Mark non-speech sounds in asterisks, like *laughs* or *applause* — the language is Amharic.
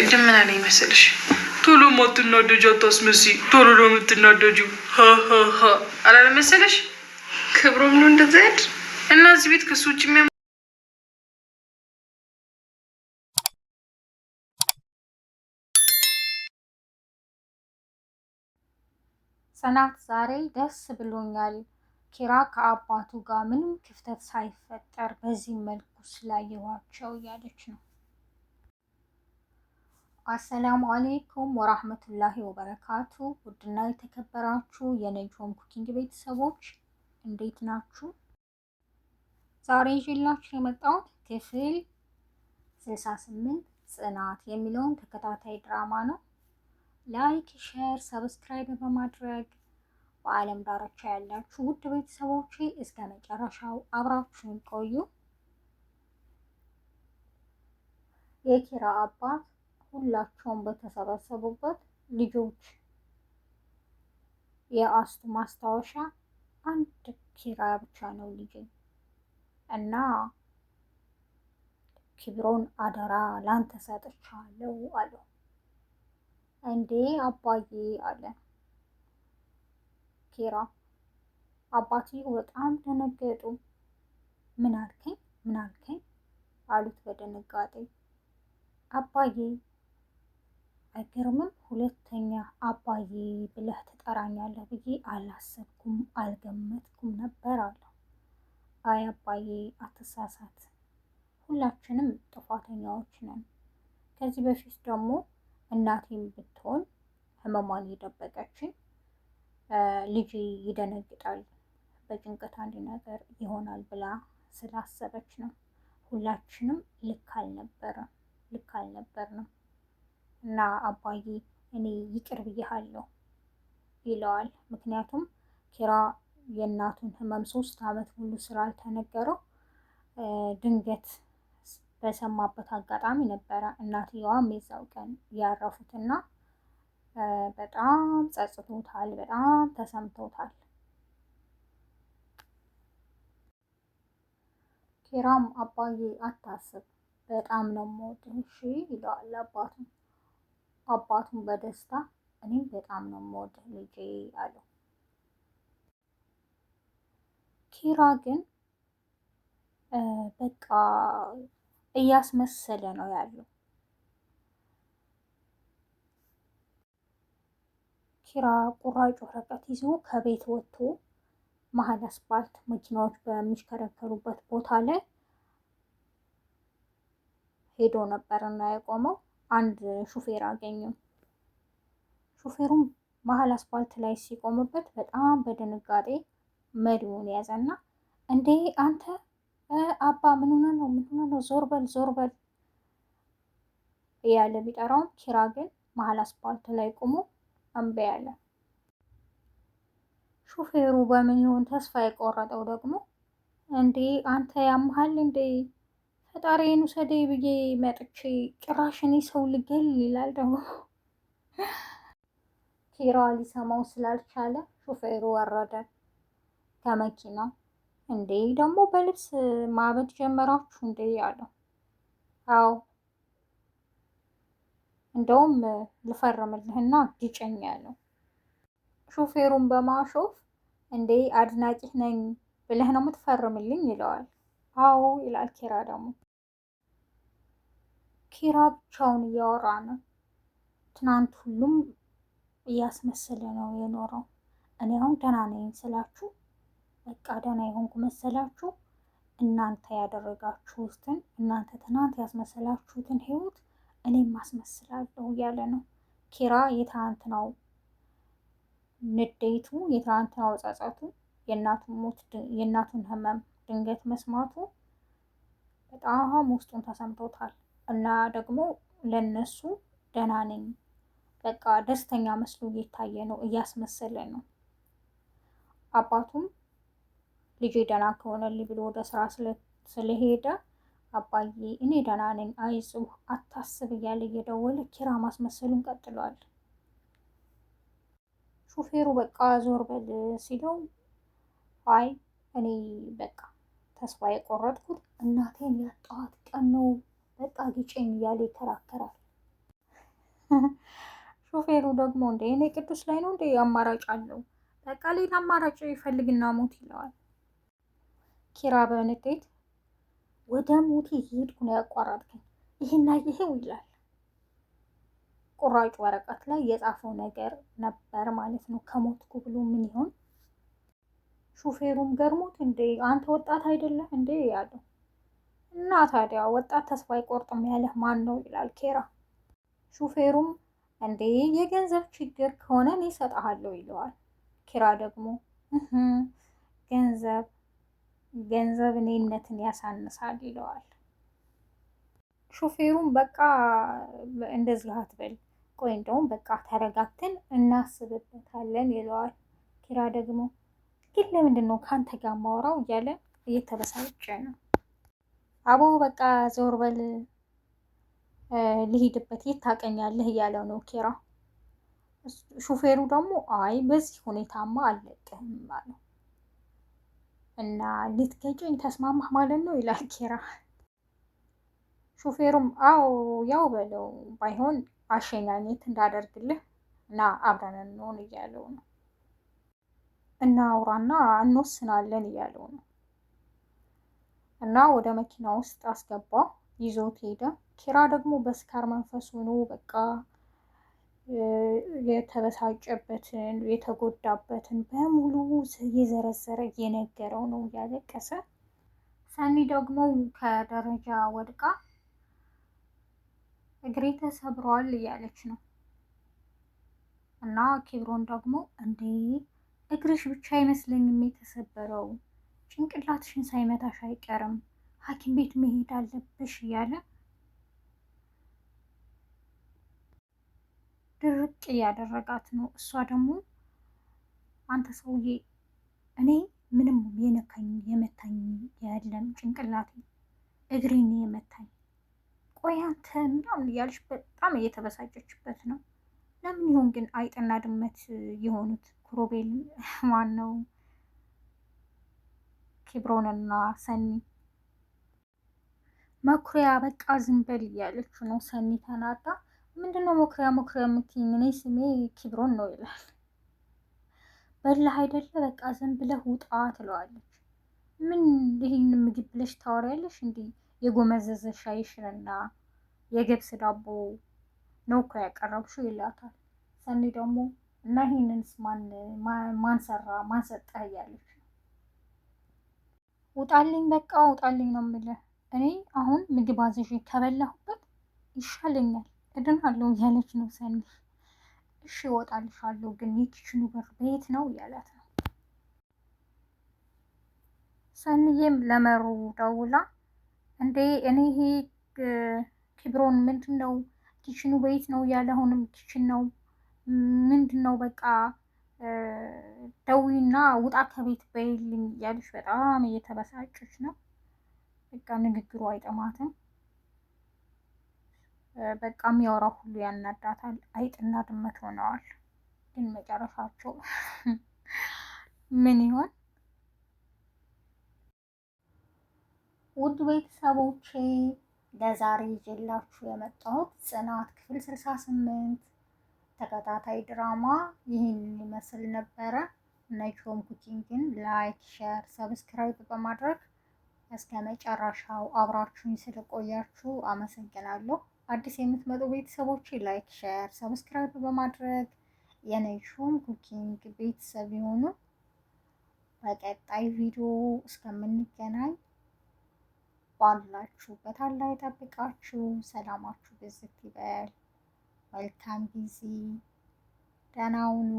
ቅድም ምን አለኝ መሰለሽ? ቶሎ ማትናደጅ አታስመሲ፣ ቶሎ ነው የምትናደጁ አላለም መሰለሽ? ክብሮም ነው እንደዛ ያድ እና እዚህ ቤት ከሱ ውጭ የሚያ ጽናት ዛሬ ደስ ብሎኛል። ኪራ ከአባቱ ጋር ምንም ክፍተት ሳይፈጠር በዚህ መልኩ ስላየኋቸው እያለች ነው አሰላሙ አሌይኩም ወራህመቱላሂ ወበረካቱ። ውድና የተከበራችሁ የነጆም ኩኪንግ ቤተሰቦች እንዴት ናችሁ? ዛሬ ይዤላችሁ የመጣሁት ክፍል 68 ጽናት የሚለውን ተከታታይ ድራማ ነው። ላይክ፣ ሼር፣ ሰብስክራይብ በማድረግ በዓለም ዳርቻ ያላችሁ ውድ ቤተሰቦች እስከ መጨረሻው አብራችሁን ቆዩ። የኪራ አባት ሁላቸውም በተሰበሰቡበት ልጆች የአስቱ ማስታወሻ አንድ ኪራ ብቻ ነው ልጄ እና ኪብሮን አደራ ላንተ ሰጥቻለሁ አለው። እንዴ አባዬ አለ ኪራ። አባትየው በጣም ደነገጡ። ምን አልከኝ ምን አልከኝ አሉት በድንጋጤ አባዬ አይገርምም? ሁለተኛ አባዬ ብለህ ትጠራኛለህ ብዬ አላሰብኩም፣ አልገመትኩም ነበር አለው። አይ አባዬ አትሳሳት፣ ሁላችንም ጥፋተኛዎች ነን። ከዚህ በፊት ደግሞ እናቴም ብትሆን ህመሟን የደበቀችን ልጅ ይደነግጣል፣ በጭንቀት አንድ ነገር ይሆናል ብላ ስላሰበች ነው። ሁላችንም ልክ አልነበረም፣ ልክ አልነበርንም። እና አባዬ እኔ ይቅር ብያለሁ ይለዋል። ምክንያቱም ኪራ የእናቱን ህመም ሶስት አመት ሙሉ ስላልተነገረው ድንገት በሰማበት አጋጣሚ ነበረ እናትየዋም የዛው ቀን ያረፉትና በጣም ጸጽቶታል፣ በጣም ተሰምቶታል። ኪራም አባዬ አታስብ፣ በጣም ነው የምወድህ እሺ ይለዋል አባቱም አባቱን በደስታ እኔም በጣም ነው የምወድህ ልጄ አለው። ኪራ ግን በቃ እያስመሰለ ነው ያለው። ኪራ ቁራጭ ወረቀት ይዞ ከቤት ወጥቶ መሀል አስፓልት መኪናዎች በሚሽከረከሩበት ቦታ ላይ ሄዶ ነበር እና የቆመው አንድ ሹፌር አገኘው። ሹፌሩም መሀል አስፋልት ላይ ሲቆምበት በጣም በድንጋጤ መሪውን ያዘና እንዴ አንተ አባ ምን ሆነ ነው ምን ሆነ ነው ዞር በል ዞር በል እያለ ቢጠራውም ኪራ ግን መሀል አስፋልት ላይ ቆሞ እምቢ አለ። ሹፌሩ በምን ይሆን ተስፋ የቆረጠው ደግሞ እንዴ አንተ ያምሃል እንዴ ፈጣሪ ውሰደኝ ብዬ መጥቼ ጭራሽ እኔ ሰው ልገል ይላል። ደግሞ ኪራ ሊሰማው ስላልቻለ ሹፌሩ ወረደ ከመኪና እንዴ ደግሞ በልብስ ማበድ ጀመራችሁ እንዴ አለው። አዎ እንደውም ልፈርምልህና ግጨኝ ያለው ሹፌሩን በማሾፍ እንዴ አድናቂህ ነኝ ብለህ ነው የምትፈርምልኝ ይለዋል። አዎ ይላል ኪራ ደግሞ። ኪራ ብቻውን እያወራ ነው። ትናንት ሁሉም እያስመሰለ ነው የኖረው። እኔ አሁን ደህና ነኝ ስላችሁ በቃ ደህና የሆንኩ መሰላችሁ። እናንተ ያደረጋችሁትን እናንተ ትናንት ያስመሰላችሁትን ህይወት እኔም አስመስላለሁ እያለ ነው ኪራ። የትናንትናው ንዴቱ፣ የትናንትናው ጸጸቱ፣ የእናቱን ሞት፣ የእናቱን ህመም ድንገት መስማቱ በጣም ውስጡን ተሰምቶታል። እና ደግሞ ለነሱ ደህና ነኝ በቃ ደስተኛ መስሎ እየታየ ነው፣ እያስመሰለ ነው። አባቱም ልጄ ደህና ከሆነልኝ ብሎ ወደ ስራ ስለሄደ አባዬ እኔ ደህና ነኝ፣ አይዞህ፣ አታስብ እያለ እየደወለ ኪራ ማስመሰሉን ቀጥሏል። ሹፌሩ በቃ ዞር በል ሲለው አይ እኔ በቃ ተስፋ የቆረጥኩት እናቴን ያጣኋት ቀን ነው። በቃ ግጭኝ እያለ ይከራከራል። ሾፌሩ *laughs* ደግሞ እንደ እኔ ቅዱስ ላይ ነው እንደ አማራጭ አለው። በቃ ሌላ አማራጭ ይፈልግና ሞት ይለዋል። ኪራ በንዴት ወደ ሞት እየሄድኩ ነው ያቋረጥከኝ፣ ይህና ይሄው ይላል። ቁራጭ ወረቀት ላይ የጻፈው ነገር ነበር ማለት ነው። ከሞትኩ ብሎ ምን ይሆን ሹፌሩም ገርሞት እንዴ አንተ ወጣት አይደለህ እንዴ ያለው እና ታዲያ ወጣት ተስፋ አይቆርጥም ያለህ ማን ነው ይላል ኬራ። ሹፌሩም እንዴ የገንዘብ ችግር ከሆነ እኔ እሰጥሃለሁ ይለዋል። ኬራ ደግሞ ገንዘብ ገንዘብ እኔነትን ያሳንሳል ይለዋል። ሹፌሩም በቃ እንደዚህ አትበል፣ ቆይ እንደውም በቃ ተረጋግተን እናስብበታለን ይለዋል። ኪራ ደግሞ ግን ለምንድን ነው ከአንተ ጋር ማውራው እያለ እየተበሳጨ ነው። አቦ በቃ ዞር በል ልሂድበት፣ የት ታቀኛለህ እያለው ነው ኬራ። ሹፌሩ ደግሞ አይ በዚህ ሁኔታማ አልለቅህም አለ እና ልትገጨኝ ተስማማህ ማለት ነው ይላል ኬራ ሹፌሩም አዎ ያው በለው፣ ባይሆን አሸኛኘት እንዳደርግልህ እና አብረን እንሆን እያለው ነው እናውራና እንወስናለን እያለው ነው። እና ወደ መኪና ውስጥ አስገባ፣ ይዞት ሄደ። ኪራ ደግሞ በስካር መንፈስ ሆኖ በቃ የተበሳጨበትን የተጎዳበትን በሙሉ እየዘረዘረ እየነገረው ነው እያለቀሰ። ሰኒ ደግሞ ከደረጃ ወድቃ እግሬ ተሰብሯል እያለች ነው እና ኪብሮን ደግሞ እንዴ እግርሽ ብቻ አይመስለኝም የተሰበረው ጭንቅላትሽን ሳይመታሽ አይቀርም፣ ሐኪም ቤት መሄድ አለብሽ እያለ ድርቅ እያደረጋት ነው። እሷ ደግሞ አንተ ሰውዬ እኔ ምንም የነካኝ የመታኝ የለም ጭንቅላቴ እግሬን የመታኝ ቆይ አንተ ምናምን በጣም እየተበሳጨችበት ነው። ለምን ይሆን ግን አይጥና ድመት የሆኑት? ሮቤል ማን ነው ኬብሮንና ሰኒ መኩሪያ በቃ ዝም በል እያለችው ነው። ሰኒ ተናዳ ምንድነው መኩሪያ መኩሪያ የምትይኝ? እኔ ስሜ ኬብሮን ነው ይላል። በላህ አይደለ በቃ ዝም ብለህ ውጣ ትለዋለች። ምን ይህን ምግብ ብለሽ ታወሪያለሽ? እንዲህ የጎመዘዘ ሻይ ሻይሽንና የገብስ ዳቦ ነው እኮ ያቀረብሽው ይላታል። ሰኒ ደግሞ እና ይህንንስ ማንሰራ ማንሰጠ እያለች ውጣልኝ፣ በቃ ውጣልኝ ነው የምልህ። እኔ አሁን ምግብ አዝዤ ከበላሁበት ይሻለኛል፣ እድናለሁ እያለች ነው ሰኒ። እሺ እወጣልሻለሁ፣ ግን የኪችኑ በር ቤት ነው እያላት ነው። ሰኒዬም ለመሩ ደውላ እንዴ እኔ ይሄ ክብሮን ምንድን ነው ኪችኑ ቤት ነው እያለ አሁንም ኪችን ነው ምንድን ነው በቃ ደዊና ውጣ ከቤት በይልኝ እያለች በጣም እየተበሳጨች ነው። በቃ ንግግሩ አይጠማትም። በቃ የሚያወራው ሁሉ ያናዳታል። አይጥና ድመት ሆነዋል። ግን መጨረሻቸው *laughs* ምን ይሆን? ውድ ቤተሰቦቼ ለዛሬ ይዤላችሁ የመጣሁት ጽናት ክፍል ስልሳ ስምንት ተከታታይ ድራማ ይህን ይመስል ነበረ። ነጅ ሆም ኩኪንግን ላይክ፣ ሸር፣ ሰብስክራይብ በማድረግ እስከ መጨረሻው አብራችሁኝ ስለቆያችሁ አመሰግናለሁ። አዲስ የምትመጡ ቤተሰቦች ላይክ፣ ሸር፣ ሰብስክራይብ በማድረግ የነጅ ሆም ኩኪንግ ቤተሰብ የሆኑ በቀጣይ ቪዲዮ እስከምንገናኝ ባላችሁበት አላህ ይጠብቃችሁ። ሰላማችሁ ብዝት ይበል። መልካም ጊዜ፣ ደህና ሁኑ።